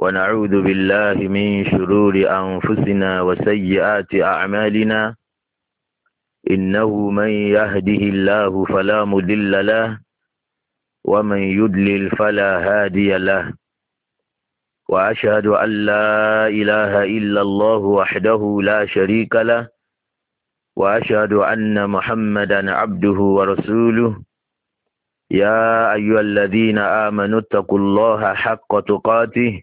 ونعوذ بالله من شرور أنفسنا وسيئات أعمالنا إنه من يهده الله فلا مضل له ومن يضلل فلا هادي له وأشهد أن لا إله إلا الله وحده لا شريك له وأشهد أن محمدا عبده ورسوله يا أيها الذين آمنوا اتقوا الله حق تقاته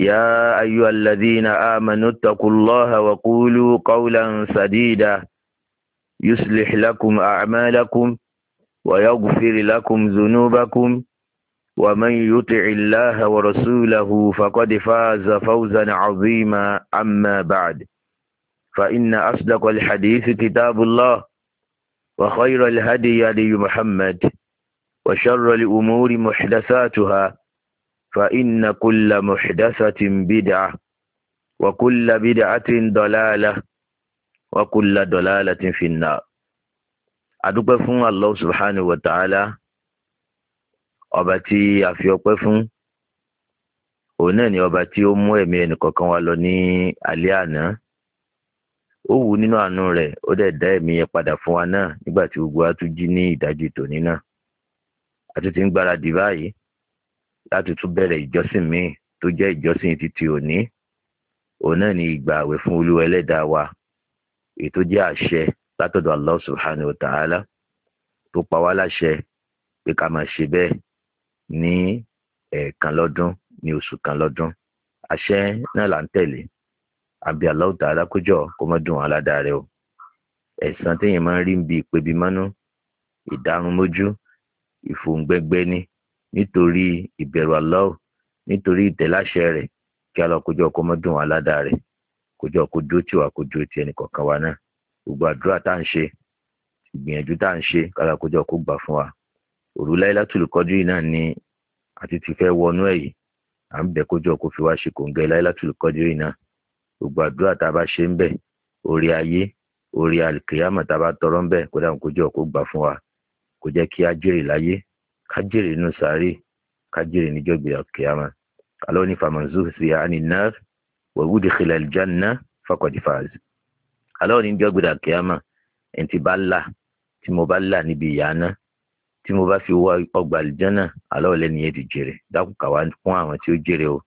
يا أيها الذين آمنوا اتقوا الله وقولوا قولا سديدا يصلح لكم أعمالكم ويغفر لكم ذنوبكم ومن يطع الله ورسوله فقد فاز فوزا عظيما أما بعد فإن أصدق الحديث كتاب الله وخير الهدي لمحمد محمد وشر الأمور محدثاتها فإن كل محدثة بدعة وكل بدعة ضلالة وكل ضلالة في النار adúpẹ́ fún Allah subhanahu wa ta'ala ọba tí a fi ọpẹ́ fún òun náà ni ọba tí ó mú ẹ̀mí ẹnìkọ̀ọ̀kan wa lọ ní alẹ́ àná ó wù nínú àánú rẹ̀ ó dẹ̀ dá ẹ̀mí yẹn padà fún wa náà nígbà tí gbogbo wa tún jí ní ìdájí tòní náà a tún ti ń gbáradì báyìí láti tún bẹ̀rẹ̀ ìjọsìn míì tó jẹ́ ìjọsìn títí òní òun náà ni ìgbà àwẹ̀ fún olúwa ẹlẹ́dàá wa èyí tó jẹ́ àṣẹ látọ̀dọ̀ Allah subhanahu wa ta'ala tó pa wá láṣẹ pé ká máa ṣe bẹ́ẹ̀ ní ẹ̀ẹ̀kan lọ́dún ní oṣù kan lọ́dún àṣẹ náà là ń tẹ̀lé àbí Allah ta'ala kójọ kó má dùn aládàá rẹ o ẹ̀san téèyàn máa ń rí ń bi mọ́nú ìdárunmójú ìfòǹgbẹ́gbẹ́ ní nítorí ìbẹ̀rù Allah nítorí ìtẹ̀láṣẹ rẹ̀ kí Allah kójọ kó mọ́ dùn wá ládàá rẹ̀ kójọ kó dúró tì wá kó dúró tì ẹnì kọ̀ọ̀kan wa náà gbogbo àdúrà tá à ń ṣe ìgbìyànjú tá à ń ṣe kí Allah kójọ kó gbà fún wa òru Lailatul Qadri náà ni àti ti fẹ́ wọnú ẹ̀ yìí à ń bẹ̀ kójọ kó fi wá ṣe kòǹgẹ́ Lailatul Qadri náà gbogbo àdúrà tá a bá ṣe ń bẹ̀ orí ayé orí alìkìyàmọ̀ tá a bá tọrọ ń bẹ̀ kódà kójọ kó gbà fún wa kó jẹ́ kí á jèrè láyé kájèrè nínú sàárè kájèrè níjọ́gbé àkèyàmá alọ́ ní famanzu sí àní náà wẹ̀wúdi xilẹ̀ janna fakọ̀dí fàáz alọ́ ní níjọ́gbé àkèyàmá ẹ̀ ti bá là tí mo bá là níbi ìyá náà tí mo bá fi wọ ọgbà àlìjánà alọ́ lẹ́ni yẹn ti jèrè dákun kàwá fún àwọn tí ó jèrè o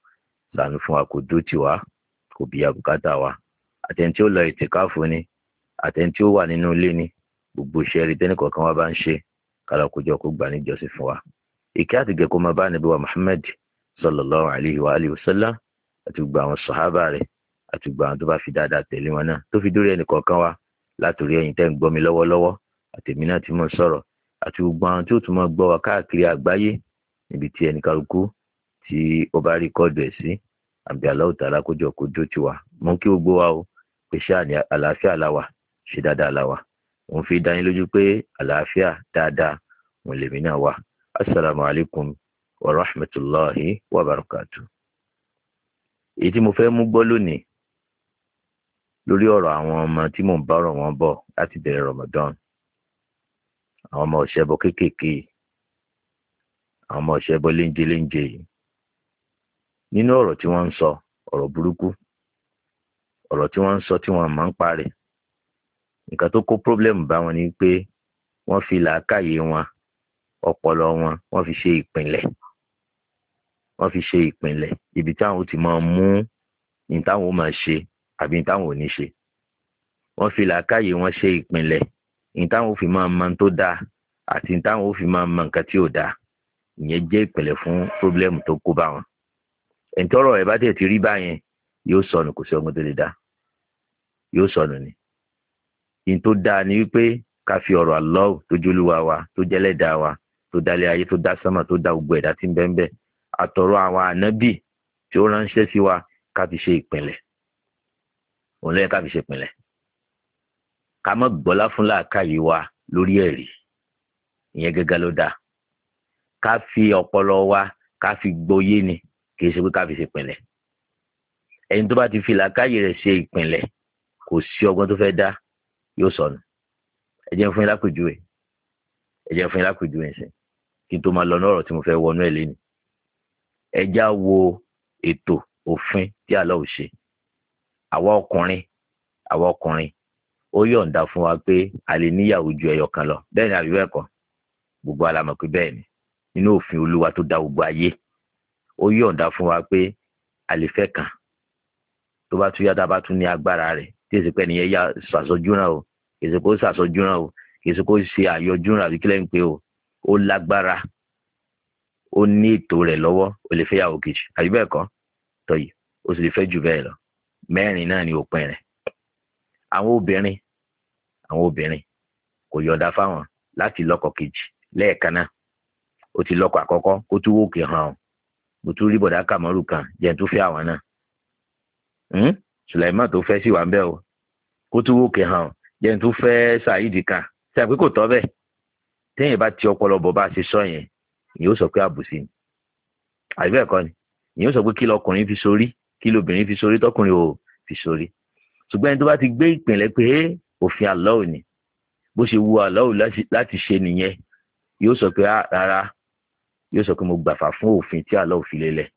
sànù fún wa kò dó tiwa kò bìyà bùkátà wa àtẹ̀ntí ó lọ ìtẹ̀káfù ni àtẹ̀ntí ó wà nínú ilé ni gbogbo iṣẹ́ rí wa bá ń ṣe kálá kójọ kó gbà níjọsìn fún wa ìkẹ́ àtìgẹ̀ kó máa bá níbi wa Muhammad sallallahu alayhi wa alihi wa sallam àti gbogbo àwọn sàhábà rẹ̀ àti gbogbo àwọn tó bá fi dáadáa tẹ̀lé wọn náà tó fi dórí ẹnì kọ̀ọ̀kan wa látòrí ẹ̀yin tẹ́ ń gbọ́ mi lọ́wọ́lọ́wọ́ àtèmi náà ti mọ̀ sọ̀rọ̀ àti gbogbo àwọn tí tún mọ̀ gbọ́ wa káàkiri àgbáyé níbi tí ẹnìkàlùkù tí ó bá rí kọ́ọ̀dù ẹ̀ sí àbí aláwọ̀ tààrà kójọ kójó tiwa mú kí gbogbo wa o pèsè àlàáfíà la ṣe dáadáa la òun fi dá yín lójú pé àlàáfíà dáadáa òun lèmi náà wà assalamu alaikum wa rahmatulahi wa barakatu. èyí tí mo fẹ́ mú gbọ́ lónìí lórí ọ̀rọ̀ àwọn ọmọ tí mò ń bá ọ̀rọ̀ wọn bọ̀ láti bẹ̀rẹ̀ Ramadan àwọn ọmọ ọ̀ṣẹ́bọ kéékèèké àwọn ọmọ ọ̀ṣẹ́bọ léńjé léńjé yìí nínú ọ̀rọ̀ tí wọ́n ń sọ ọ̀rọ̀ burúkú ọ̀rọ̀ tí wọ́n ń sọ tí wọ́n máa ń parẹ́ nǹkan tó kó pírọ́blẹ́mù bá wọn ni pé wọ́n fi làákàyè wọn ọpọlọ wọn wọ́n fi ṣe ìpìnlẹ̀ wọ́n fi ṣe ìpìnlẹ̀ ibi táwọn ò ti máa mú ní táwọn ò máa ṣe àbí ní táwọn ò ní ṣe wọ́n fi làákàyè wọn ṣe ìpìnlẹ̀ ní táwọn ò fi máa mọ tó dáa àti ní táwọn ò fi máa mọ nǹkan tí ò dáa ìyẹn jẹ́ ìpìnlẹ̀ fún pírọ́blẹ́mù tó kó bá wọn ẹ̀ńtọ́rọ̀ ẹ̀ bá tẹ̀ ti rí báyẹn yóò sọnù kò sí ọgbọ́n tó lè dá yóò sọnù ni yìí tó dáa ni wípé ká fi ọ̀rọ̀ Allah tó jólúwa wa tó jẹ́lẹ́dàá wa tó dálé ayé tó dá sánmà tó dá gbogbo ẹ̀dá tí ń bẹ ń bẹ àtọ̀rọ̀ àwọn ànábì tí ó ránṣẹ́ sí wa ká fi ṣe ìpìnlẹ̀ òun lẹ́yìn ká fi ṣe ìpìnlẹ̀ ká mọ̀ gbọ́lá fún làákàyè wa lórí ẹ̀rí ìyẹn gẹ́gẹ́ ló dáa ká fi ọpọlọ wa ká fi gboyé ni kì í ṣe pé ká fi ṣe ìpìnlẹ̀ ẹni tó bá ti fi làákàyè rẹ̀ ṣe ìpìnlẹ̀ kò sí ọgbọ́n tó fẹ́ dá yóò sọnù ẹ jẹ́ fún yín lápèjúwe ẹ jẹ́ fún yín lápèjúwe ẹ̀sìn kí n tó máa lọ ní ọ̀rọ̀ tí mo fẹ́ wọnú ẹ̀ lẹ́nu ẹ já wo ètò òfin tí àlọ́ ò ṣe àwa ọkùnrin àwa ọkùnrin ó yọ̀ǹda fún wa pé a lè níyàwó ju ẹyọ kan lọ bẹ́ẹ̀ ni àbí bẹ́ẹ̀ kọ́ gbogbo alamọ̀ pé bẹ́ẹ̀ ni nínú òfin olúwa tó dá gbogbo ayé ó yọ̀ǹda fún wa pé a lè fẹ́ kan tó bá tún yá tá a bá tún ní agbára rẹ̀ tí èsì pé nìyẹn ya ṣàṣọjúra o èsì kó ṣàṣọjúra o èsì kó ṣe àyọjúra àbí kílẹ̀ ń pé o ó lágbára ó ní ètò rẹ̀ lọ́wọ́ ó lè fẹ́ yàwó kejì àbí bẹ́ẹ̀ kọ́ tọ́yì ó sì lè fẹ́ jù bẹ́ẹ̀ lọ mẹ́rin náà ni òpin rẹ̀ àwọn obìnrin àwọn obìnrin kò yọ̀ǹda fáwọn láti lọ́kọ kejì lẹ́ẹ̀kan náà ó ti lọ́kọ àkọ́kọ́ kó tún wòkè hàn ọ́ mo tún rí bọ̀dá kàmọ́rù kan jẹ́ tún fẹ́ àwọn náà hmm? Sulaiman tó fẹ́ sì wà ń bẹ̀ o kó tún wò kẹ́ hàn jẹ́ n fẹ́ Saheed kan ṣe àpé kò tọ́ bẹ́ẹ̀ téèyàn bá ti ọpọlọ bọ̀ bá a ṣe sọ yẹn ìyẹn ó sọ pé àbùsí ni àbí bẹ́ẹ̀ kọ́ ni ìyẹn ó sọ pé kí lọkùnrin fi sórí kí lobìnrin fi sórí tọkùnrin ò fi sórí ṣùgbọ́n ẹni tó bá ti gbé ìpìnlẹ̀ pé òfin àlọ́ òní bó ṣe wu àlọ́ òní láti ṣe nìyẹn yóò sọ pé rárá yóò sọ pé mo gbàfà fún òfin tí àlọ́ òfin lélẹ̀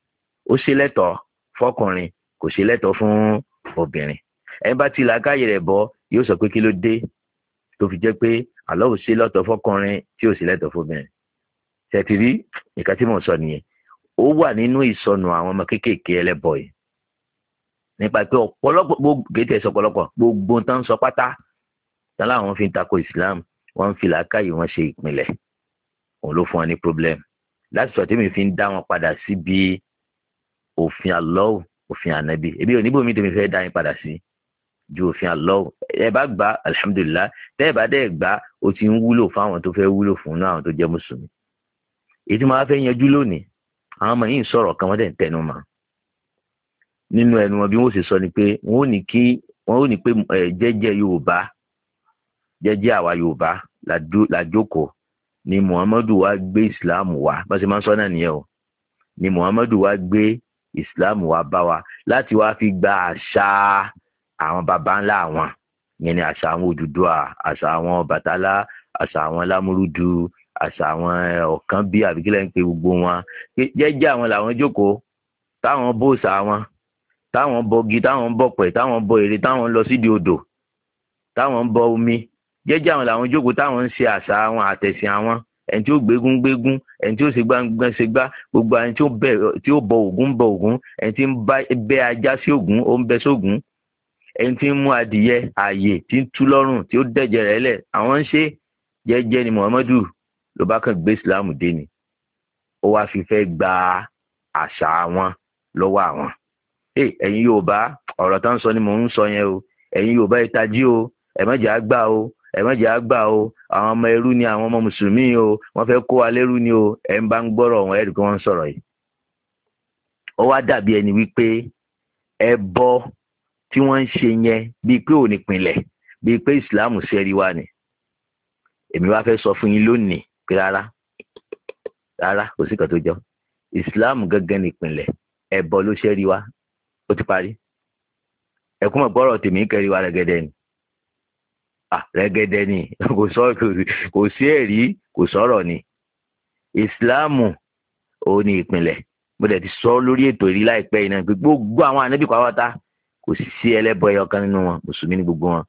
ó ṣe lẹ́tọ̀ọ́ fọkùnrin kò ṣe lẹ́tọ̀ọ́ fún obìnrin ẹni bá ti làákàyè rẹ̀ bọ́ yóò sọ pé kí ló dé tó fi jẹ́ pé àlọ́wọ́ sí lọ́tọ̀ fọkùnrin tí ò sí lẹ́tọ̀ fóbìnrin tẹ̀tì rí nǹkan tí mò ń sọ nìyẹn ó wà nínú ìsọnù àwọn ọmọ kéékèèké ẹlẹ́bọ yìí nípa pé ọ̀pọ̀lọpọ̀ gẹ́tẹ̀ sọ ọ̀pọ̀lọpọ̀ gbogbo tán ń sọ pátá tán láwọn fi ń tako Islam wọ́n ń fi làákàyè wọn ṣe ìpìlẹ̀ òun ló fún wọn ní problem láti sọ tí mi fi ń dá wọn padà síbi òfin àlọ́wọ́ òfin ànábì èmi ò níbo mi tó mi fẹ́ dá yín padà sí ju òfin àlọ́ ẹ bá gbà alihamudulilayi tẹ́ ẹ bá dẹ́ gbà ó ti ń wúlò fáwọn tó fẹ́ wúlò fún náà àwọn tó jẹ́ mùsùlùmí èyí tí mo bá fẹ́ yanjú lónìí àwọn ọmọ yìí ń sọ̀rọ̀ kan wọ́n dẹ̀ ń tẹnu mọ́ nínú ẹnu wọn bí wọ́n sì sọ ni pé wọ́n ò ní kí wọ́n ò ní pé jẹ́jẹ́ Yorùbá jẹ́jẹ́ àwa Yorùbá làjókòó ni Muhammadu wa gbé Islam wa bá ṣe máa ń sọ náà nìyẹn o ni Muhammadu wa gbé islam wá bá wa láti wá fi gba àṣà àwọn baba ńlá wọn yẹn ni àṣà àwọn Odùduwà àṣà àwọn Ọbàtálá àṣà àwọn Lámúrúdù àṣà àwọn eh, ọ̀kan bí àbíkílẹ̀ ń pe gbogbo wọn jẹ́jẹ́ àwọn làwọn jókòó táwọn bóòsà wọn táwọn bọgi táwọn bọ̀pẹ̀ táwọn bọ èrè táwọn lọ sídìí odò táwọn bọ omi jẹ́jẹ́ àwọn làwọn jókòó táwọn ń ṣe àṣà àwọn àtẹ̀sìn àwọn ẹni tí ó gbégún gbégún ẹni tí ó ṣègbà gbọ́n ṣègbà gbogbo ẹni tí ó bọ ògún bọ ògún ẹni tí ń bẹ ajá sí ògún ó ń bẹ sógún ẹni tí ń mú adìyẹ ààyè tí ń tú lọ́rùn tí ó dẹ̀jẹ̀ rẹ̀ lẹ̀ àwọn ń ṣe jẹ́jẹ́ ni Muhammadu ló bá kàn gbé Islam dé ni ó wáá fi fẹ́ gba àṣà wọn lọ́wọ́ àwọn ẹ̀yin Yorùbá ọ̀rọ̀ tó sọ ni mò ń sọ yẹn o ẹ̀yin Yorùbá ìtají o ẹ̀mọ́jà gbà o ẹ̀mọ́jà àgbà o àwọn ọmọ ẹrú ni àwọn ọmọ mùsùlùmí o wọ́n fẹ́ kó wa lẹ́rú ni o ẹ̀ ń bá ń gbọ́rọ̀ wọn ẹ̀rí pé wọ́n ń sọ̀rọ̀ yìí. ó wá dàbí ẹni wípé ẹbọ tí wọ́n ń ṣe yẹn bíi pé ò ní pinlẹ̀ bíi pé ìsìláàmù sẹ́rí wa ni èmi wá fẹ́ sọ fún yín lónìí pé rárá rárá kò sí kan tó jọ ìsìláàmù gángan nípìnlẹ̀ ẹbọ ló sẹ́rí wa ó ti parí ẹ̀kúnmọ̀ gbọ́rọ̀ tèmi kẹ́rí wa rẹ̀ gẹ́dẹ́ ni rẹ́gẹ́dẹ́ ni kò sí ẹ̀rí kò sọ̀rọ̀ ni ìsìláàmù òun ni ìpìlẹ̀ mo dẹ̀ ti sọ lórí ètò ìrí láìpẹ́ yìí náà pé gbogbo àwọn ànábì pàápàá kò sì sí ẹlẹ́bọ ẹyọ kan nínú wọn mùsùlùmí ní gbogbo wọn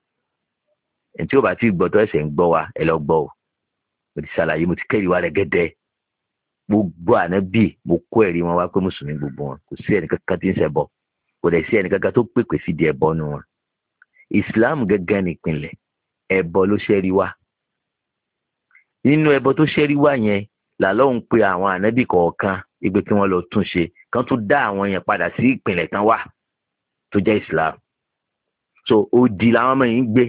ẹni tí ó bá ti gbọ́ tó ẹsẹ̀ ń gbọ́ wa ẹ lọ gbọ́ o mo ti ṣàlàyé mo ti kẹ́rì wa rẹ́gẹ́dẹ́ gbogbo ànábì mo kó ẹ̀rí wọn wá pé mùsùlùmí gbogbo wọn kò sí ẹnì kankan tí ń ṣẹbọ kò dẹ̀ sí ẹnì kankan tó pèpè sídìí ẹbọ nù wọn ìsìláàmù gẹ́gẹ́ ni ìpìlẹ̀ ẹbọ ló ṣẹ́rí wá nínú ẹbọ tó ṣẹ́rí wá yẹn làlọ́hùn pé àwọn ànábì kọ̀ọ̀kan igbe kí wọ́n lọ tún ṣe tún dá àwọn yẹn padà sí ìpìlẹ̀ tán wà tó jẹ́ Islam so odi làwọn ọmọ yìí ń gbé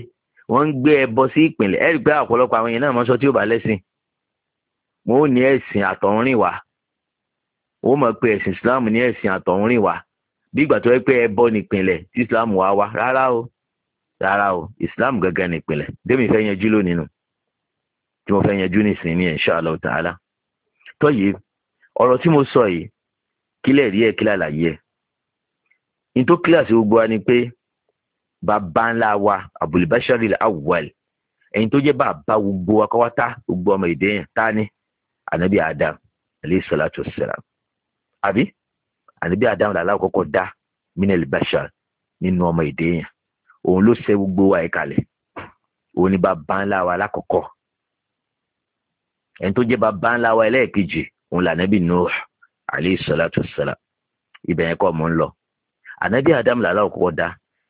wọ́n ń gbé ẹbọ sí ìpìlẹ̀ ẹ̀rí pé ọ̀pọ̀lọpọ̀ àwọn yẹn náà mọ́ṣọ́ tí ó bá lẹ́sìn wọn ò ní ẹ̀sìn àtọ̀húnrìn wá ó mọ̀ pé ẹ̀sìn Islam ní ẹ̀sìn àtọ̀húnrìn wá bí ìgbà tó yẹ pé ẹbọ nìpìlẹ̀ tí Islam wá wá rárá o rárá o islam gangan nìpìnlẹ̀ démi fẹ́ yanjú lónìí nù tí mo fẹ́ yanjú nísìnyí insha Allah ta'ala tọ́yìí ọ̀rọ̀ tí mo sọ yìí kílẹ̀ rí ẹ̀ kílẹ̀ àlàyé ẹ̀ nítorí kíláàsì gbogbo wa ni pé bàbá ńlá wa Abul Bashari al-awwal ẹ̀yin tó jẹ́ bàbá gbogbo wa kọ́wátá gbogbo ọmọ èdè yẹn tá ni anabi adam alayhi salatu wassalam àbí anabi adam làlá kọ́kọ́ da, minel bashar nínú ọmọ èdè yẹn òun ló ṣe gbogbo wa ẹ̀ kalẹ̀ òun ni bàbá ńlá wa lákọ̀ọ́kọ́ ẹni tó jẹ́ bàbá ńlá wa ẹlẹ́ẹ̀kejì òun là nẹ́bí Nuh alayhi salatu wassalam ibẹ̀ yẹn kọ́ mọ́ ń lọ ànábì Ádámù làlá òkúkọ́ dá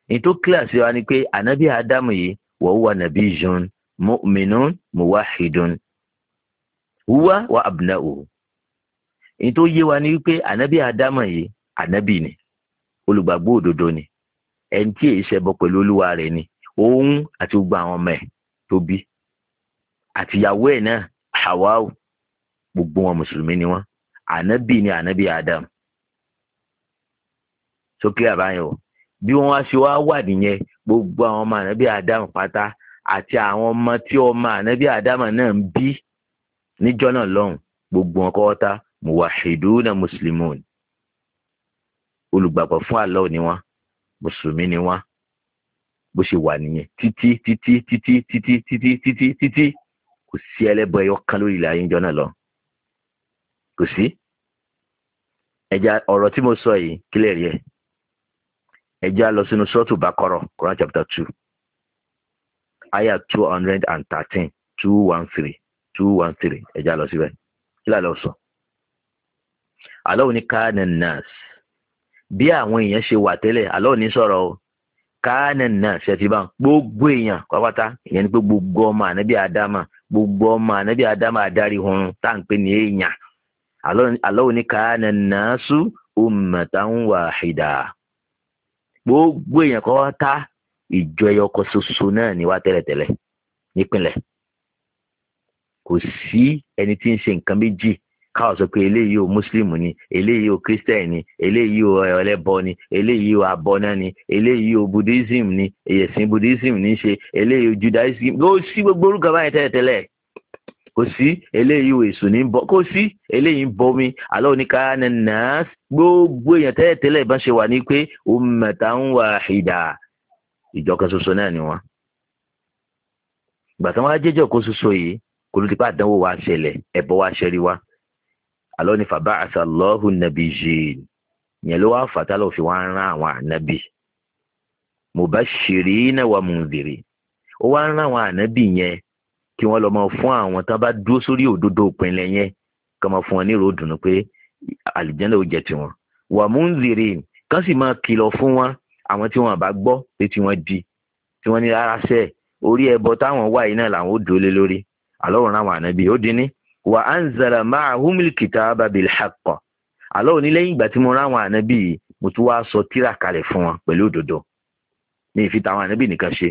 ní tó kíláàsì wa ni pé ànábì Ádámù yìí wa huwa nabiyyun mu'minun muwahhidun huwa wa abna'uhu ní tó yé wa ni wípé ànábì Ádámù yìí ànábì ni olùgbàgbọ́ òdodo ni ẹni tí èyí ṣẹbọ pẹ̀lú olúwa rẹ̀ ni òun àti gbogbo àwọn ọmọ ẹ̀ tó bí àtìyàwó ẹ̀ náà Hawau gbogbo wọn mùsùlùmí ni wọn ànábì ni ànábì Adam sókè àbáyọ bí wọn wá ṣe wá wà nìyẹn gbogbo àwọn ọmọ ànábì Adam pátá àti àwọn ọmọ tí ọmọ ànábì Adam náà ń bí níjọ́ náà lọ́hùn gbogbo wọn kọ́ta muwahiduna muslimun olùgbàgbọ́ fún Allah ni wọn mùsùlùmí ni wọ́n bó ṣe wà nìyẹn títí títí títí títí títí títí títí kò sí ẹlẹ́bọ ẹyọ kan lórí ilẹ̀ ayé ń jọ náà lọ kò sí ẹja ọ̀rọ̀ tí mo sọ yìí kílẹ̀ rí ẹ ẹja lọ sínú sọ́ọ̀tù bákọ́rọ̀ Quran chapter two ayah two hundred and thirteen two one three two one three ẹja lọ síbẹ̀ kílà lọ sọ. aláwo ni káà ní nurse. bí àwọn èèyàn ṣe wà tẹ́lẹ̀ àlọ́ ní sọ̀rọ̀ o káánẹ̀ náà ṣẹ̀tìbá gbogbo èèyàn pápátá ìyẹn ni pé gbogbo ọmọ ànábì ádámà gbogbo ọmọ ànábì ádámà adarí hun tá à ń pè ní èèyàn àlọ́ náà gbogbo èèyàn pápátá ìjọ ẹyọ ọkọ náà ni wá tẹ́lẹ̀tẹ́lẹ̀ nípìnlẹ̀ kò sí káwọ́ sọ pé eléyìí ò muslim ni eléyìí ò christian ni eléyìí ò eh, ẹlẹ́bọ ni eléyìí ò abọ́ná ni eléyìí ò buddhism ni ẹ̀sìn buddhism ní ṣe eléyìí ò judaism kò sí gbogbo orúkọ báyìí tẹ́lẹ̀tẹ́lẹ̀ kò sí eléyìí ò èso ní bọ kò sí eléyìí bọmi àlọ́ oníka nẹ́ẹ̀nàás gbogbo èèyàn tẹ́lẹ̀tẹ́lẹ̀ ìbá ṣe wà ní pé ummatan wahida ìjọ kan ṣoṣo náà ni wọn gbàtàn wa jẹjọ kó ṣoṣo yìí kò ló ti pa àdánwò wa ṣẹlẹ̀ ẹbọ wa ṣẹrí wa àlọ́ ni fàbá àṣàlọ́hùn nàbí yìí yẹn ló wá fàtà lọ́ọ́ fi wá ń rán àwọn ànábì mubashirina wa mundhiri ó wá ń rán àwọn ànábì yẹn kí wọ́n lọ máa fún àwọn tán bá dúró sórí òdodo ìpínlẹ̀ yẹn kí wọ́n fún wọn ní ròdùnú pé àlìjẹ́ndà ó jẹ tiwọn wa mundhiri kán sì máa kìlọ̀ fún wọn àwọn tí wọn bá gbọ́ pé tí di tí ní rárá orí ẹbọ táwọn wà yìí náà làwọn ó dúró lé lórí àlọ́ òun rán àwọn ànábì ó dín ní wà á ń zara máa humil kitaba bil haqq àlọ́ òní lẹ́yìn ìgbà tí mo rán àwọn ànábì yìí mo tún wáá sọ tírà kalẹ̀ fún wọn pẹ̀lú òdodo ní ìfita àwọn ànábì nìkan ṣe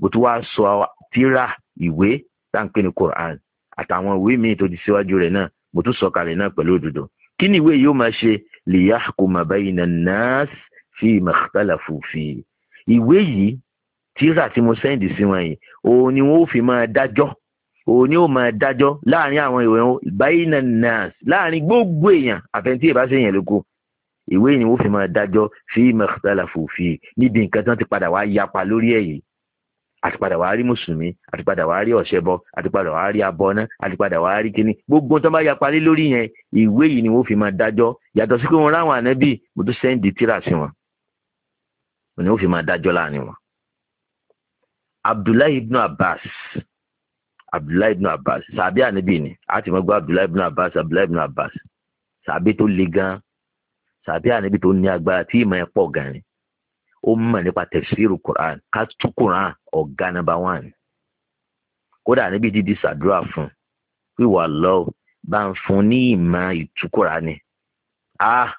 mo tún wáá sọ tírà ìwé tá à ń pè ní Quran àtàwọn ìwé míì tó ti síwájú rẹ̀ náà mo tún sọ kalẹ̀ náà pẹ̀lú òdodo kí ni ìwé yìí ó máa ṣe liyahkuma bayna nnas fi makhtalafu fi ìwé yìí tírà tí mo sẹ́ǹdì sí wọn yìí òun ni wọ́n ó fi máa dájọ́ òun ni ó máa dájọ́ láàrin àwọn ìwé wọn ìbáyìnà nas láàrin gbogbo èèyàn àfẹnití ìbáṣe yẹn lóko ìwé ni ó fi máa dájọ́ fi mọ̀kítàlàfò fi níbi nǹkan tí wọ́n ti padà wá yapa lórí ẹ̀yìn àti padà wá rí mùsùlùmí àti padà wá rí ọ̀ṣẹ́bọ àti padà wá rí abọ́ná àti padà wá rí kíní gbogbo tó bá yapa lé lórí yẹn ìwé yìí ni wọ́n fi máa dájọ́ yàtọ̀ sí pé wọ́n ráwọn ànábì mo tún sẹ́ǹdì tíra sí wọn ni wọ́n fi máa dájọ́ láàrin wọn. Abdullahi ibn Abbas abdullahi ibn abbas sàbí ànábì ni a ti mọ gbọ́ abdullahi ibn abbas abdullahi ibn abbas sàbí tó le gan sàbí ànábì tó ní agbára tí ìmọ̀ ẹ̀ pọ̀ gan ni ó mọ̀ nípa tẹ̀síìrù quran ká tú quran ọ̀gá nàbà wán kódà ànábì dídí sàdúrà fún wíwà lọ́wọ́ bá ń fún ní ìmọ̀ ìtú ni ah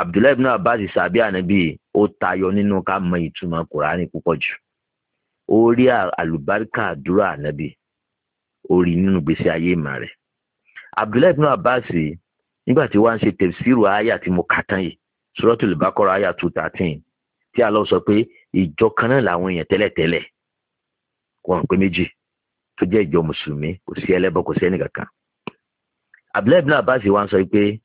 abdullahi ibn abbas sàbí ànábì ó tayọ nínú ká mọ ìtumọ̀ quran púpọ̀ jù ó rí àlùbáríkà àdúrà ànábì orí nínú gbèsè ayé ìmọ̀ rẹ. abdullahi ibn abbas nígbà wàá ṣe tẹ̀síìrù àyà tí mo kà tán yìí suratul bakara àyà two thirteen tí Allah sọ pé ìjọ kan náà làwọn èèyàn tẹ́lẹ̀tẹ́lẹ̀ wọn pé méjì tó jẹ́ ìjọ mùsùlùmí kò sí ẹlẹ́bọ kò sí ẹnìkankan abdullahi ibn abbas wàá sọ pé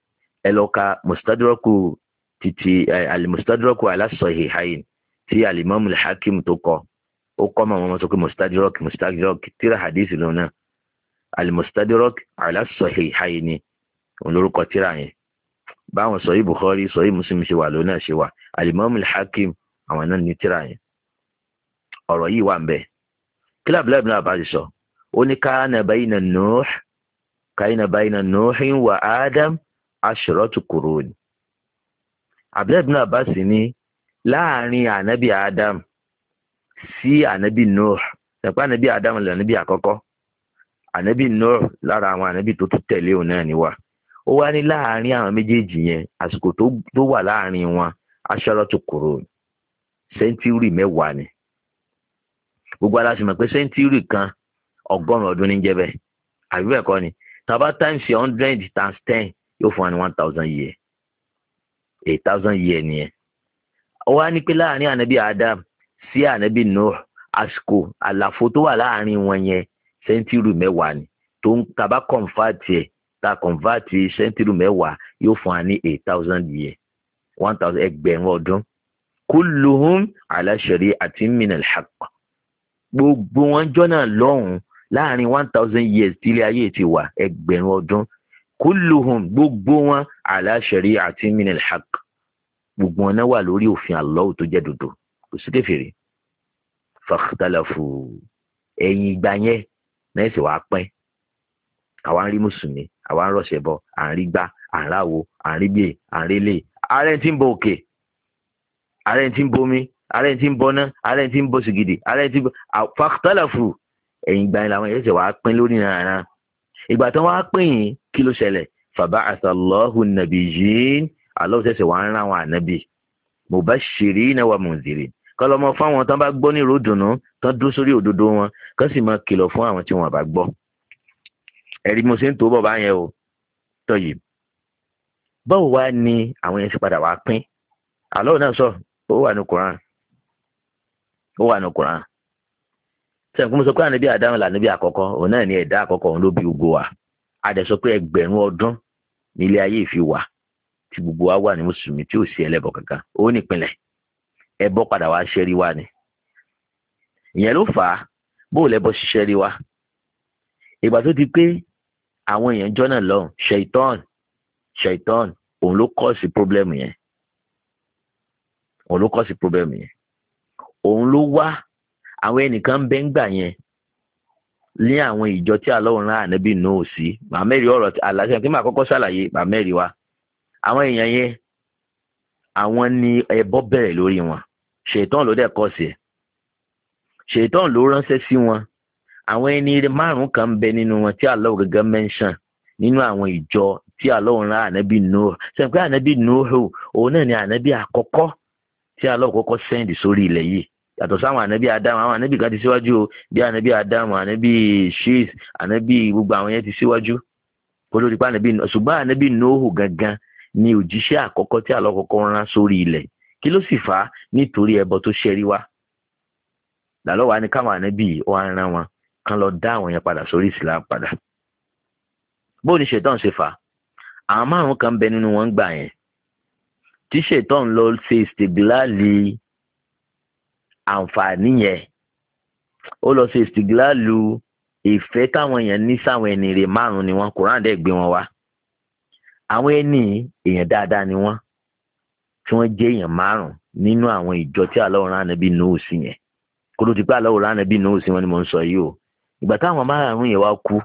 titi alimustadraku alasahihain tí hakim tó kọ ó kọ́ sọ pé al-mustadrak ala as-sahihayn òun lórúkọ tíra yẹn báwọn sọ̀yí bukhari sọ̀yí muslim ṣe wà lónà ṣe wà alimami hakim àwọn náà ní tíra yẹn ọ̀rọ̀ yìí wà ń bẹ̀ kílàbù lẹ́bùn náà bá ti sọ ó ní káyánà bayna nuh káyánà bayna nuhin wa adam ashratu kurun abdulhamid náà láàrin ànábì adam sí ànábì nuh ṣẹ̀pá ànábì adam lẹ́nu bí àkọ́kọ́ ànábì Nuh lára àwọn ànábì tó tún tẹ̀lé òun náà ni wà ó wá ní láàárín àwọn méjèèjì yẹn àsìkò tó wà láàárín wọn aṣọ́rọ́tò kòrò sẹ́ńtúrì mẹ́wàá ni gbogbo aláṣẹ mọ̀ pé sẹ́ńtúrì kan ọgọ́rùn-ún ọdún ní jẹ́ bẹ́ẹ̀ àbí bẹ́ẹ̀ kọ́ ni tàbá times your hundred times ten yóò fún wa ní one thousand year eight thousand year nìyẹn ó wá ní pé láàárín ànábì Adam sí ànábì Nuh àsìkò àlàfo tó wà láàárín wọn yẹn sẹ́ńtírù mẹ́wàá ni tó ń taba kọ̀nfàtì ẹ̀ ta kọ̀nfàtì sẹ́ńtírù mẹ́wàá yóò fún wa ní eight thousand year one thousand ẹgbẹ̀rún ọdún kulluhum ala shari'atin min al-haqq gbogbo wọn jọ́nà lọ́hùn láàrin one thousand years tílé ayé ti wà ẹgbẹ̀rún ọdún kulluhum gbogbo wọn ala shari'atin min al-haqq gbogbo wọn náà wà lórí òfin Allah tó jẹ́ dodo kò sí kèfèrí fakhtalafu ẹ̀yìn ìgbà yẹn nẹ́ẹ̀sì wàá pẹ́ àwa ń rí mùsùlùmí àwa ń rọ̀ṣẹ̀ bọ à ń rí gbá à ń ráwo à ń rí gbé à ń rí lè ààrẹ ti ń bọ òkè ààrẹ ti ń bomi ààrẹ ti ń bọná ààrẹ ti ń bọ sìgìdì ààrẹ ti ń bọ fàtàlàfù ẹ̀yìn gbà yín làwọn ẹ̀ṣẹ̀ wàá pín lórí nàrà ìgbà tán wàá pín yín kí ló ṣẹlẹ̀ fàbá àtàlọ́hù nàbì yìí àlọ́ ṣẹ̀ṣẹ̀ ń rán àwọn ànábì mubashirina wa mundhirin kán lọ́mọ fún àwọn tán bá gbọ́ ní ìròdùnú tán dúró sórí òdodo wọn kán sì máa kìlọ̀ fún àwọn tí wọn bá gbọ́ ẹ̀rí mo ṣe ń tó bọ̀ bá yẹn o tọ́yì báwo wá ni àwọn yẹn ṣe padà wá pín àlọ́ náà sọ ó wà ní Quran ó wà ní Quran sẹ́yìn kún mo sọ pé ànábì àdáhùn là níbi àkọ́kọ́ òun náà ní ẹ̀dá àkọ́kọ́ òun ló bí gbogbo wa a sọ pé ẹgbẹ̀rún ọdún nílé ayé ìfi wà tí gbogbo wa wà ní mùsùlùmí tí ò sí ẹlẹ́bọ kankan ó nípìnlẹ̀ ẹbọ padà wá ṣẹ́rí wa ni ìyẹn ló fà á bóò lẹ́bọ ṣiṣẹ́ rí wa ìgbà tó ti pé àwọn èèyàn jọ́nà lọ́hùn ṣèitán ṣèitán òun ló kọ́ sí pírọ́blẹ́mù yẹn òun ló kọ́ sí pírọ́blẹ́mù yẹn òun ló wá àwọn ẹnìkan bẹ́ ń gbà yẹn ní àwọn ìjọ tí alọ́run rán ànábì nóò sí màmẹ́rì ọ̀rọ̀ àlàáfíà kí màá kọ́kọ́ ṣàlàyé màmẹ́rì wa àwọn èèyàn yẹn àwọn ni ẹbọ bẹ̀rẹ̀ lórí wọn ṣètọ́n ló dẹ̀ kọ́ sí ẹ̀ ṣètọ́n ló ránṣẹ́ sí wọn àwọn ẹni márùn kan bẹ nínú wọn tí Allah gẹ́gẹ́ mẹ́ńṣàn nínú àwọn ìjọ tí Allah rán ànábì Nuhu sẹ́ńpẹ́ ànábì Nuhu òun náà ni ànábì àkọ́kọ́ tí Allah kọ́kọ́ sẹ́ǹdì sórí ilẹ̀ yìí yàtọ̀ sáwọn ànábì Ádámù àwọn ànábì kan ti síwájú o bí ànábì Ádámù ànábì Ṣíìs ànábì gbogbo àwọn yẹn ti síwájú kó ló di pa ànábì ṣùgbọ́n ànábì Nuhu gangan ni òjíṣẹ́ àkọ́kọ́ tí Allah kọ́kọ́ rán sórí ilẹ̀ yìí kí ló sì fà á nítorí ẹbọ tó ṣẹ́rí wá làlọ́ ni káwọn ànábì wa ń rán wọn kán lọ dá àwọn yẹn padà sórí Islam padà bóun ni ṣètọ́n ṣe fà á àwọn márùn kan bẹ nínú wọn gbà yẹn tí ṣètọ́n lọ ṣe ìsìtìgíláàlì àǹfààní yẹn ó lọ ṣe ìsìtìgíláàlù ìfẹ́ táwọn èèyàn ní sáwọn ẹni rè márùn ni wọn Kùránì dẹ̀ gbé wọn wá àwọn ẹni èèyàn dáadáa ni wọn tí wọ́n jẹ́ èèyàn márùn nínú àwọn ìjọ tí aláwọ̀ rán ànábì Nuhu sí yẹn kó ló ti pé aláwọ̀ rán ànábì Nuhu sí wọn ni mò ń sọ yìí o ìgbà táwọn márùn yẹn wá kú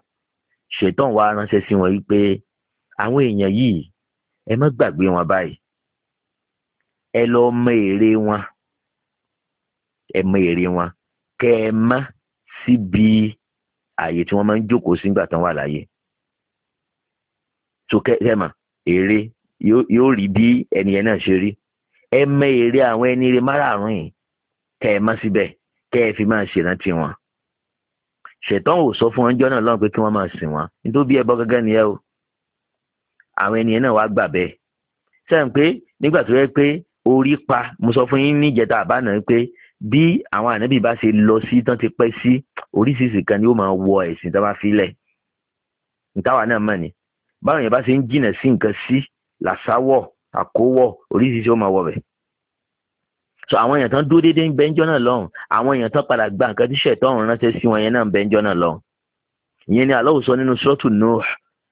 ṣètàn wá ránṣẹ́ sí wọn wípé àwọn èèyàn yìí ẹ má gbàgbé wọn báyìí ẹ lọ mọ èrè wọn ẹ mọ èrè wọn kẹ ẹ mọ síbi ààyè tí wọ́n máa ń jókòó sí nígbà wà láàyè tó kẹ ẹ mọ èrè yóò rí bí ẹnìyẹn náà ṣe rí ẹ mọ èrè àwọn ẹni rẹ márààrún yìí kẹ ẹ mọ síbẹ̀ kẹ ẹ fi máa ṣèrántí wọn ṣètàn ò sọ fún ọjọ́ náà lọ́run pé kí wọ́n máa sìn wọn nítorí ẹbọ gángan nìyẹn o àwọn ẹnìyẹn náà wàá gbà bẹ́ẹ̀ sẹ́yìn pé nígbà tó yẹ pé orí pa mo sọ fún yín níjẹta àbánà pé bí àwọn ànábì bá ṣe lọ sí tán ti pẹ́ sí oríṣiríṣi kan ni ó máa wọ ẹ̀sìn tó bá filẹ̀ nítawà náà mọ̀ ni báwọn yẹn bá ṣe ń jìnà sí nǹkan sí làṣáwọ̀ àkówọ̀ oríṣiríṣi ó máa wọ̀ bẹ̀ so àwọn èèyàn tán dúró déédéé ń bẹ́ńjọ́ náà lọ́hùn àwọn èèyàn tán padà gba nǹkan tí ṣẹ̀tọ́ ọ̀run ránṣẹ́ sí wọn yẹn náà ń bẹ́ńjọ́ náà lọ́hùn ìyẹn ni Allah sọ nínú sọ́ọ̀tù Nuh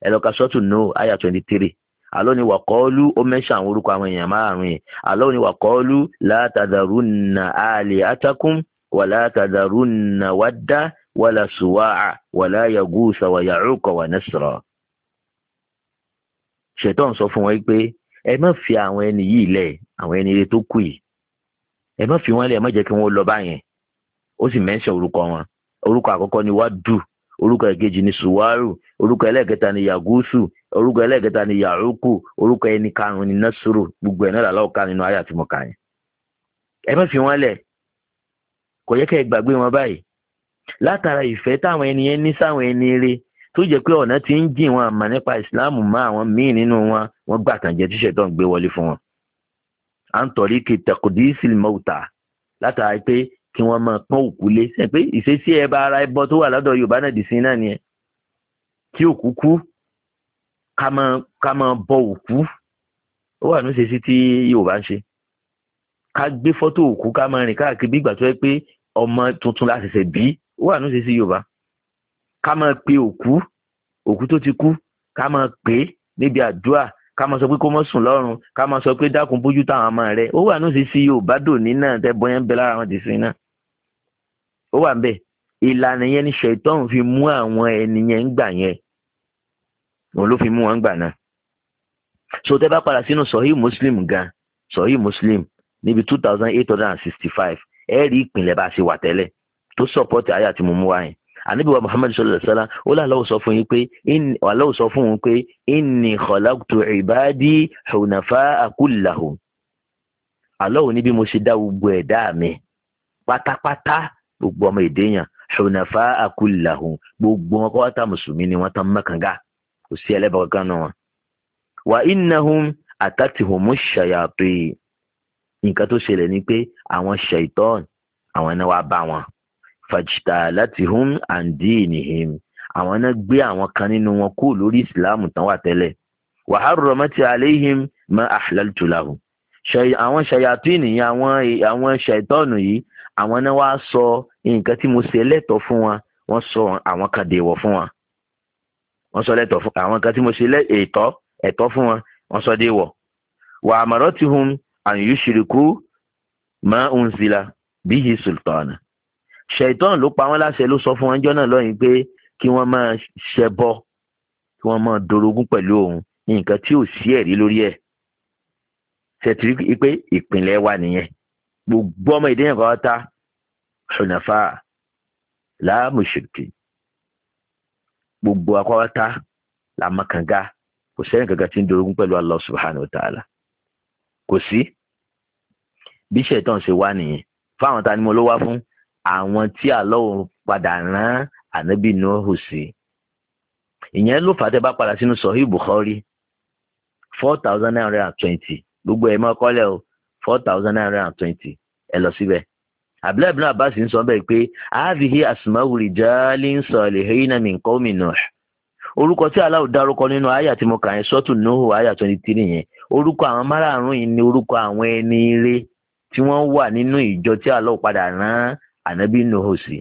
ẹ̀lọ́ka sọ́ọ̀tù Nuh àyà twenty three Allah ni wàkọ́ọ́lù ó mẹ́ṣà àwọn orúkọ àwọn èèyàn márùn-ún yẹn Allah ni wàkọ́ọ́lù látàdàrúnà àlè àtàkùn wà látàdàrúnà wàdá wàlà sùwàà wàlà yàgùsà wà yàrúkọ wà nasra ṣètọ́n sọ fún wọn pé ẹ má fi àwọn ẹni yìí lẹ̀ àwọn ẹni rẹ tó kù yìí ẹ má fi wọn lẹ̀ ẹ má jẹ́ kí wọ́n lọ báyẹn ó sì mẹ́ńṣẹ̀ orúkọ wọn orúkọ àkọ́kọ́ ni wadu orúkọ ẹ̀kejì ni suwaru orúkọ ẹlẹ́ẹ̀kẹta ni yagusu orúkọ ẹlẹ́ẹ̀kẹta ni yaruku orúkọ ẹni karùn-ún ni nasuru gbogbo ẹ̀ náà làlọ́ ká nínú ayé àtìmọ̀ká yẹn ẹ má fi wọn lẹ̀ kò yẹ kẹ́ ẹ gbàgbé wọn báyìí látara ìfẹ́ táwọn ẹni yẹn ní sáwọn ẹni rẹ tó jẹ́ pé ọ̀nà tí ń jìn wọn àmà nípa ìsìláàmù mọ́ àwọn míì nínú wọn wọ́n gbà tàn jẹ́ tíṣẹ̀ tó ń gbé wọlé fún wọn. à ń tọ̀rí kí taqdisil mauta látara pé kí wọ́n máa pọ́n òkú lé ṣe pé ìṣesí ẹ bá ara ẹbọ tó wà lọ́dọ̀ Yorùbá náà dì sí náà nìyẹn kí òkú kú ká máa bọ òkú ó wà ní ṣesí tí Yorùbá ń ṣe ká gbé fọ́tò òkú ká máa rìn káàkiri bí ìgbà tó yẹ pé ọmọ tuntun láti ṣẹ̀ṣẹ̀ bí ó wà ní ṣesí Yorùbá ká máa pe òkú òkú tó ti kú ká máa pè é níbi àdúrà ká máa sọ pé kó mọ́ sùn lọ́rùn ká máa sọ pé dákun bójú táwọn ọmọ rẹ̀ ó wà náà sì sí yorùbá dòní náà tẹ́ bọ́yá ń bẹ lára wọn ti náà ó wà ń ìlànà yẹn ni ṣètọ́n fi mú àwọn ẹni yẹn ń gbà yẹn òun ló fi mú wọn gbà náà so tẹ́ bá padà sínú sọ̀hí muslim gan sọ̀hí muslim níbi two thousand eight hundred and sixty five ẹ rí ìpìlẹ̀ bá a ṣe wà tẹ́lẹ̀ tó support àyà tí mo mú wá ànábì wa muhammad sallallahu alaihi wa sallam ó lè aláwọ̀ sọ fún yín pé aláwọ̀ sọ fún òun pé inni khalaqtu ibadi hunafa'a kullahum aláwọ̀ ní bí mo ṣe dá gbogbo ẹ̀dá mi pátápátá gbogbo ọmọ èdè yàn hunafa'a kullahum gbogbo wọn kọ́ wáta mùsùlùmí ni wọ́n tán mọ́kànga kò sí ẹlẹ́bàá kan náà wọn. wa innahum atatuhumu shayatin nǹkan tó ṣẹlẹ̀ ni pé àwọn ṣàìtọ́n àwọn náà wá bá wọn fajtalatihum an dinihim àwọn náà gbé àwọn kan nínú wọn kú lórí ìsìláàmù tán wà tẹ́lẹ̀ wa harramati alayhim ma ahlaltu lahum àwọn ṣayatini àwọn àwọn ṣàìtọ́nù yìí àwọn náà wá sọ nǹkan tí mo ṣe lẹ́tọ̀ fún wa wọ́n sọ àwọn kan dèwọ̀ fún wa wọ́n sọ lẹ́tọ̀ fún àwọn kan tí mo ṣe ẹ̀tọ́ ẹ̀tọ́ fún wa wọ́n sọ dèwọ̀ wa amaratihum an yushriku ma unzila bihi sultana ṣẹ̀tọ́n ló pa wọ́n láṣẹ ló sọ fún wọn jọ́nà lọ́yìn pé kí wọ́n máa ṣẹbọ kí wọ́n máa dorogún pẹ̀lú òun nǹkan tí ò sí ẹ̀rí lórí ẹ̀ ṣètìrí pé ìpìlẹ̀ wa nìyẹn gbogbo ọmọ ìdíyàn kan ta ṣùnàfà láàmùṣèkì gbogbo akọ́wátá làmàkànga kò sẹ́yìn kankan tí ń dorogún pẹ̀lú Allah subhanahu wa ta'ala kò sí bí ṣẹ̀tọ́n ṣe wá nìyẹn fáwọn ta ni mo ló wá fún àwọn tí àlọ́hùn padà rán ànábì Nuhu sí ìyẹn ló fà á tẹ́ bá padà sínú Sahih Bukhari four thousand nine hundred and twenty gbogbo ẹ̀ mọ́ kọ́lẹ̀ o four thousand nine hundred and twenty ẹ lọ síbẹ̀ abdullahi bin abbas ń sọ bẹ́ẹ̀ pé aadhihi asmau rijalin salihina min qaumi nuh orúkọ tí Allah dárúkọ nínú àyà tí mo kà yẹn sọ́tù nuhu àyà twenty three yẹn orúkọ àwọn márààrún yìí ni orúkọ àwọn ẹni ire tí wọ́n wà nínú ìjọ tí Allah padà rán ànábì Nuhu sí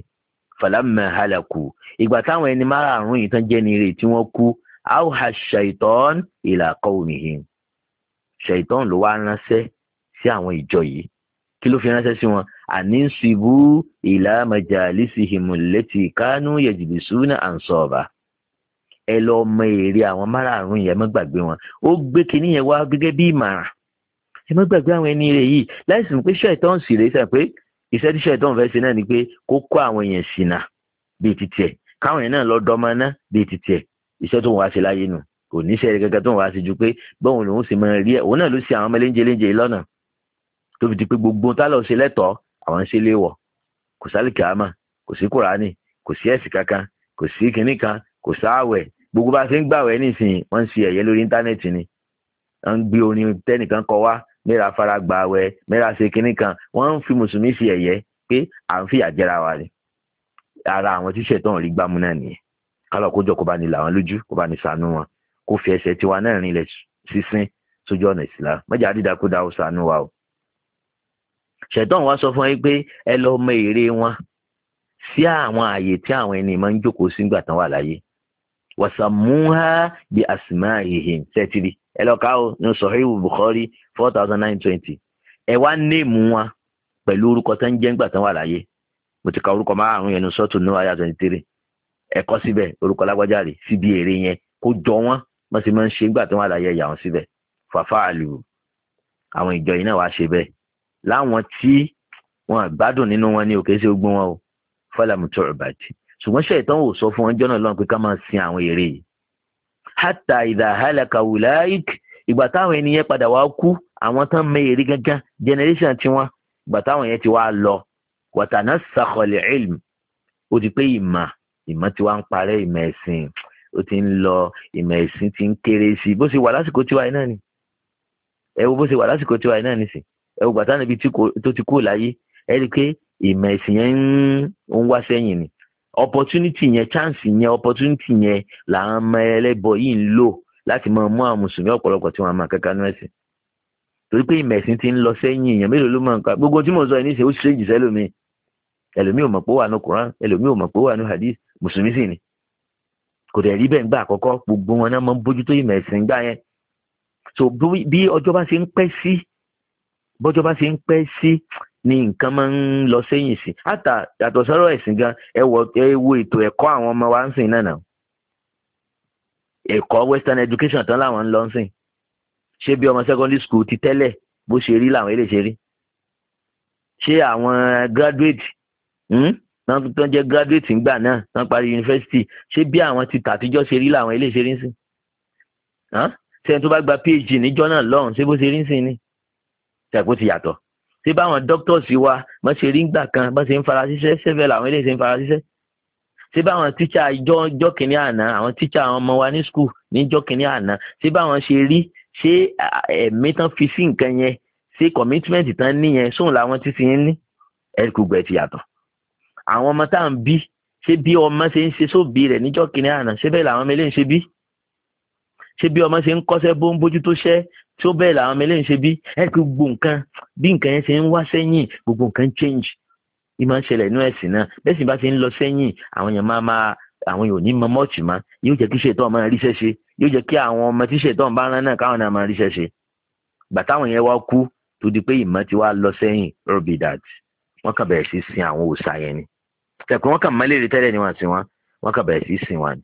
falamma halaku ìgbà táwọn ẹni márààrún yìí tán jẹ́ ní ire tí wọ́n kú auha shaitan ila qawmihim shaitan ló wá ránṣẹ́ sí àwọn ìjọ yìí kí ló fi ránṣẹ́ sí wọn àníṣubú ila majalisihim allati kanu yajlisuna ansaba ẹ lọ mọ èrè àwọn márààrún yẹn má wọn ó gbé kinní yẹn wá gẹ́gẹ́ bí ìmọ̀ràn ẹ má àwọn ẹni rẹ̀ yìí láìsí pé shaitan sì rèé sàn pé iṣẹ́ tíṣẹ́ tó ń fẹ́ ṣe náà ni pé kó kó àwọn èèyàn ṣìnà bíi ti tiẹ̀ káwọn èèyàn náà lọ dọ́mọ náà bíi ti tiẹ̀ iṣẹ́ tó ń wá ṣe láyé nù kò níṣẹ́ gẹ́gẹ́ tó ń wá ṣe ju pé bóun lòun sì máa rí ẹ̀ òun náà ló ṣe àwọn ọmọ eléńjẹ eléńjẹ lọ́nà tó fi di pé gbogbo tá lọ́ọ́ ṣe lẹ́tọ̀ọ́ àwọn ṣe léwọ̀ kò kò sí kùránì kò sí mẹ́ra fara gba awẹ́ mẹ́ra ṣe kinní kan wọ́n ń fi mùsùlùmí ṣe ẹ̀yẹ pé à ń fìyà jẹra wa ni ara àwọn tíṣẹ̀ tó ń rí gbámú náà nìyẹn kálọ̀ kójọ kó bá ní làwọn lójú kó bá ní ṣàánú wọn kó fi ẹsẹ̀ tiwa náà rinlẹ̀ sísìn sójú ọ̀nà ìsìlá mẹ́jà dídákúdá ó ṣàánú wa o ṣẹ̀tọ́n wa sọ fún yín pé ẹ lọ mọ èrè wọn sí àwọn ààyè tí àwọn ẹni máa ń jókòó sí tán wà láyé wàsàmúhà bí àsìmá ìhìn sẹ́tìrì ẹ lọ ká o ní sọ̀híwù Bukhari four thousand nine twenty ẹ wá néèmù wọn pẹ̀lú orúkọ tó ń jẹ́ ńgbà tán wà láyé mo ti ka orúkọ márùn-ún yẹn ní sọ́ọ̀tù ní àyà twenty three ẹ kọ́ síbẹ̀ orúkọ lágbájá rè síbi èrè yẹn kó jọ wọn wọ́n sì máa ń ṣe ńgbà tán wà láyé ẹ̀yà wọn síbẹ̀ fàfà àlù àwọn ìjọ yìí náà wàá ṣe bẹ́ẹ̀ láwọn tí wọn gbádùn nínú wọn ní òkè sí ogbó wọn o fọlá mutu ọ̀bàjì ṣùgbọ́n ṣe ìtàn wò sọ fún wọn jọ́nà lọ́n pé ká máa sin àwọn èrè yìí hátà ìdáhálàkà wùláìk ìgbà táwọn ènìyàn padà wá kú àwọn tán mẹ́rin gángan generation tiwọn ìgbà táwọn yẹn ti wá lọ wàtánà sàkọlẹ̀ ilm ó ti pé ìmà ìmà tí wàá ń parẹ́ ìmà ẹ̀sìn ó ti ń lọ ìmà ẹ̀sìn ti ń kéré sí i bó ṣe wà lásìkò tiwa yìí náà ni ẹ wo bó ṣe wà lásìkò tiwa yìí náà ni sí ẹ wo gbàtà níbi tó ti kú láyé ẹ rí i pé ìmà ẹ̀sìn yẹn ń wá sẹ́yìn ni opportunity yẹn chance yẹn opportunity yẹn làwọn ọmọ ẹlẹ́bọ yìí ń lò láti máa mú àwọn mùsùlùmí ọ̀pọ̀lọpọ̀ tí wọ́n máa kankan nú ẹ̀sìn torí pé ìmọ̀ ẹ̀sìn ti ń lọ sẹ́yìn èèyàn mélòó ló máa ń ka gbogbo tí mo sọ ẹni ṣe ó ṣe jìṣẹ́ lómi ẹlòmíì ò mọ̀ pé ó wà ní Quran ẹlòmíì ò mọ̀ pé ó wà ní hadith mùsùlùmí sì ni kò dẹ̀ rí bẹ́ẹ̀ gbà àkọ́kọ́ gbogbo wọn náà máa ń bójútó ìmọ̀ ẹ̀sìn gbà yẹn so bí ọjọ́ bá ṣe ń pẹ́ sí bọ́jọ́ bá ṣe ń pẹ́ sí ni nǹkan máa ń lọ sẹ́yìn sí àtà yàtọ̀ sọ́rọ̀ ẹ̀sìn gan ẹ wo ètò ẹ̀kọ́ àwọn ọmọ wa ń sìn náà náà ẹ̀kọ́ western education tán làwọn ń lọ sìn ṣé bí ọmọ secondary school ti tẹ́lẹ̀ bó ṣe rí làwọn eléyìí ṣe rí ṣé àwọn graduate hmm? tó ń jẹ́ graduate ńgbà náà tó ń parí university ṣé bí àwọn ti tàtijọ́ ṣe rí làwọn eléyìí ṣe rí sìn sẹ́ni tó bá gba phd níjọ́ náà lọ́hùn ṣé bó ṣe rí sìn ni ṣàkóso yàtọ̀ ṣé báwọn doctors wa wọ́n ṣe rí ngbà kan bọ́n ṣe ń fara ṣiṣẹ́ ṣẹ́fẹ̀ làwọn eléyìí ṣe ń fara ṣiṣẹ́ ṣé báwọn tíṣà ìjọ ìjọ kìíní àná àwọn tíṣà àwọn ọmọ wa ní school ní ìjọ kìíní àná ṣé báwọn ṣe rí ṣé ẹ̀mí tán fi sí nǹkan yẹn ṣé commitment tán níyẹn sóun làwọn ti ti ń ní ẹ̀kúgbẹ̀ ti yàtọ̀ àwọn ọmọ tá à ń bí ṣé bí ọmọ ṣe ń ṣe sóbì rẹ̀ níjọ kìíní àná ṣé bẹ́ẹ̀ làwọn ọmọ eléyìí ṣe bí ṣé bí ọmọ ṣe ń kọ́ṣẹ́ bó ń bójú tó ṣẹ́ tó bẹ́ẹ̀ làwọn ọmọ eléyìí ṣe bí ẹ kí gbogbo nǹkan bí nǹkan yẹn ṣe ń wá sẹ́yìn gbogbo nǹkan change ìmọ̀ ń ṣẹlẹ̀ inú ẹ̀sìn náà bẹ́ẹ̀ sì bá ti ń lọ sẹ́yìn àwọn èèyàn máa máa àwọn èèyàn ò ní mọ mọ́ọ̀tì má yóò jẹ́ kí ṣètò ọmọ ríṣẹ́ ṣe yóò jẹ́ kí àwọn ọmọ tí ṣètò ọmọ bá rán náà káwọn náà máa ríṣẹ́ ṣe bàtà àwọn yẹn wá kú tó di pé ìmọ̀ ti wá lọ sẹ́yìn rọ́bì oh wọ́n kàn bẹ̀rẹ̀ sí sin àwọn òòṣà yẹn ni tẹ̀kọ́ wọ́n kàn mọ́lẹ̀ rí tẹ́lẹ̀ ni wọ́n sin wọn wọ́n kàn bẹ̀rẹ̀ sí sin wọn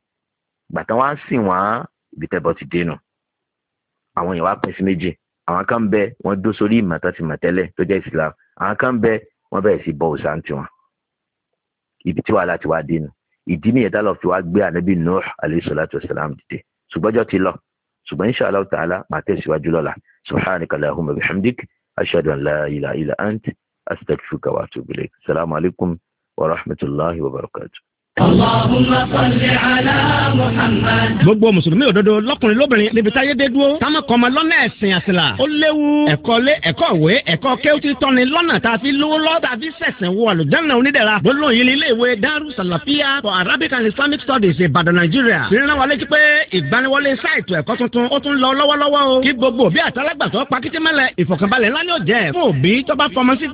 bàtà wọn á sìn wọn ibi tẹ́bọ̀ ti dénú àwọn yẹn wá pín sí méjì àwọn kan bẹ wọ́n dó sórí ìmọ̀ tó ti mọ̀ tẹ́lẹ̀ tó jẹ́ islam àwọn kan bẹ wọ́n bẹ̀rẹ̀ sí bọ òòṣà tiwọn ibi tí wàhálà ti wá dé nu ìdí nìyẹn tá lọ fi wá gbé ànábì nuh alayhi salatu wasalam dìde ṣùgbọ́jọ́ ti lọ ṣùgbọ́n insha allah ta'ala máa tẹ̀síwájú lọ́la subhanaka allahumma bihamdik ashhadu an la ilaha illa ant astaghfiruka wa atubu ilayk assalamu alaikum wa rahmatullahi wa barakatuh gbogbo mùsùlùmí òdodo lọkùnrin lóbìnrin níbi táyé dé dúró táwọn kan máa lọ́nà ẹ̀sìn àṣìlá ó léwu ẹ̀kọ́ lé ẹ̀kọ́ ìwé ẹ̀kọ́ kéwútì tọ́ni lọ́nà tá a fi lówó lọ́ tá a fi sẹ̀sẹ̀ wọ àlùjáná onídẹ̀ra gbólóhùn yìí ní ilé ìwé Daru Salafia for Arabic and Islamic Studies Ìbàdàn Nàìjíríà ìrìnà wa létí pé ìgbaniwọlé sáìtù ẹ̀kọ́ tuntun ó tún lọ lọ́wọ́lọ́wọ́ o kí gbogbo bí àtàlágbàtọ́ pakitímẹ́lẹ̀ ìfọ̀kànbalẹ̀ ńlá ni ó jẹ́ fún òbí tó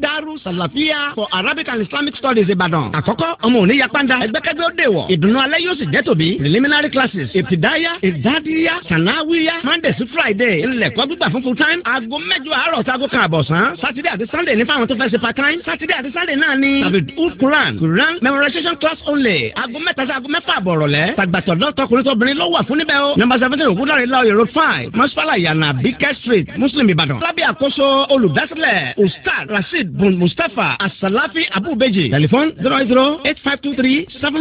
Daru Salafia for Arabic and Islamic Studies Ìbàdàn àkọ́kọ́ ọmọ òní yapanda ẹgbẹ́kẹ́ akẹgbẹ́ ó dè wọ̀ ìdùnnú alẹ́ yóò sì jẹ́ tòbí preliminary classes ìtìdáyà ìdádíyà sànáwíyà monday sí friday ńlẹ̀kọ́ gbígbà fún full time aago mẹ́jọ àárọ̀ sago kan àbọ̀sán saturday àti sunday ní fáwọn tó fẹ́ ṣe part time saturday àti sunday náà ni david ul quran quran memorization class only aago mẹ́ta sí aago mẹ́fà àbọ̀rọ̀lẹ́ tàgbàtọ̀ dọ́tọkùnrin tóbìnrin ló wà fún níbẹ̀ o number seventeen ògúndàrí láòyè road five mọ́sálà yànnà bíkẹ́ street muslim ìbàdàn lábẹ́ àkóso olùdásílẹ̀ ustaz rasheed bun mustapha asalafi abubeji telephone zero eight zero eight five two three seven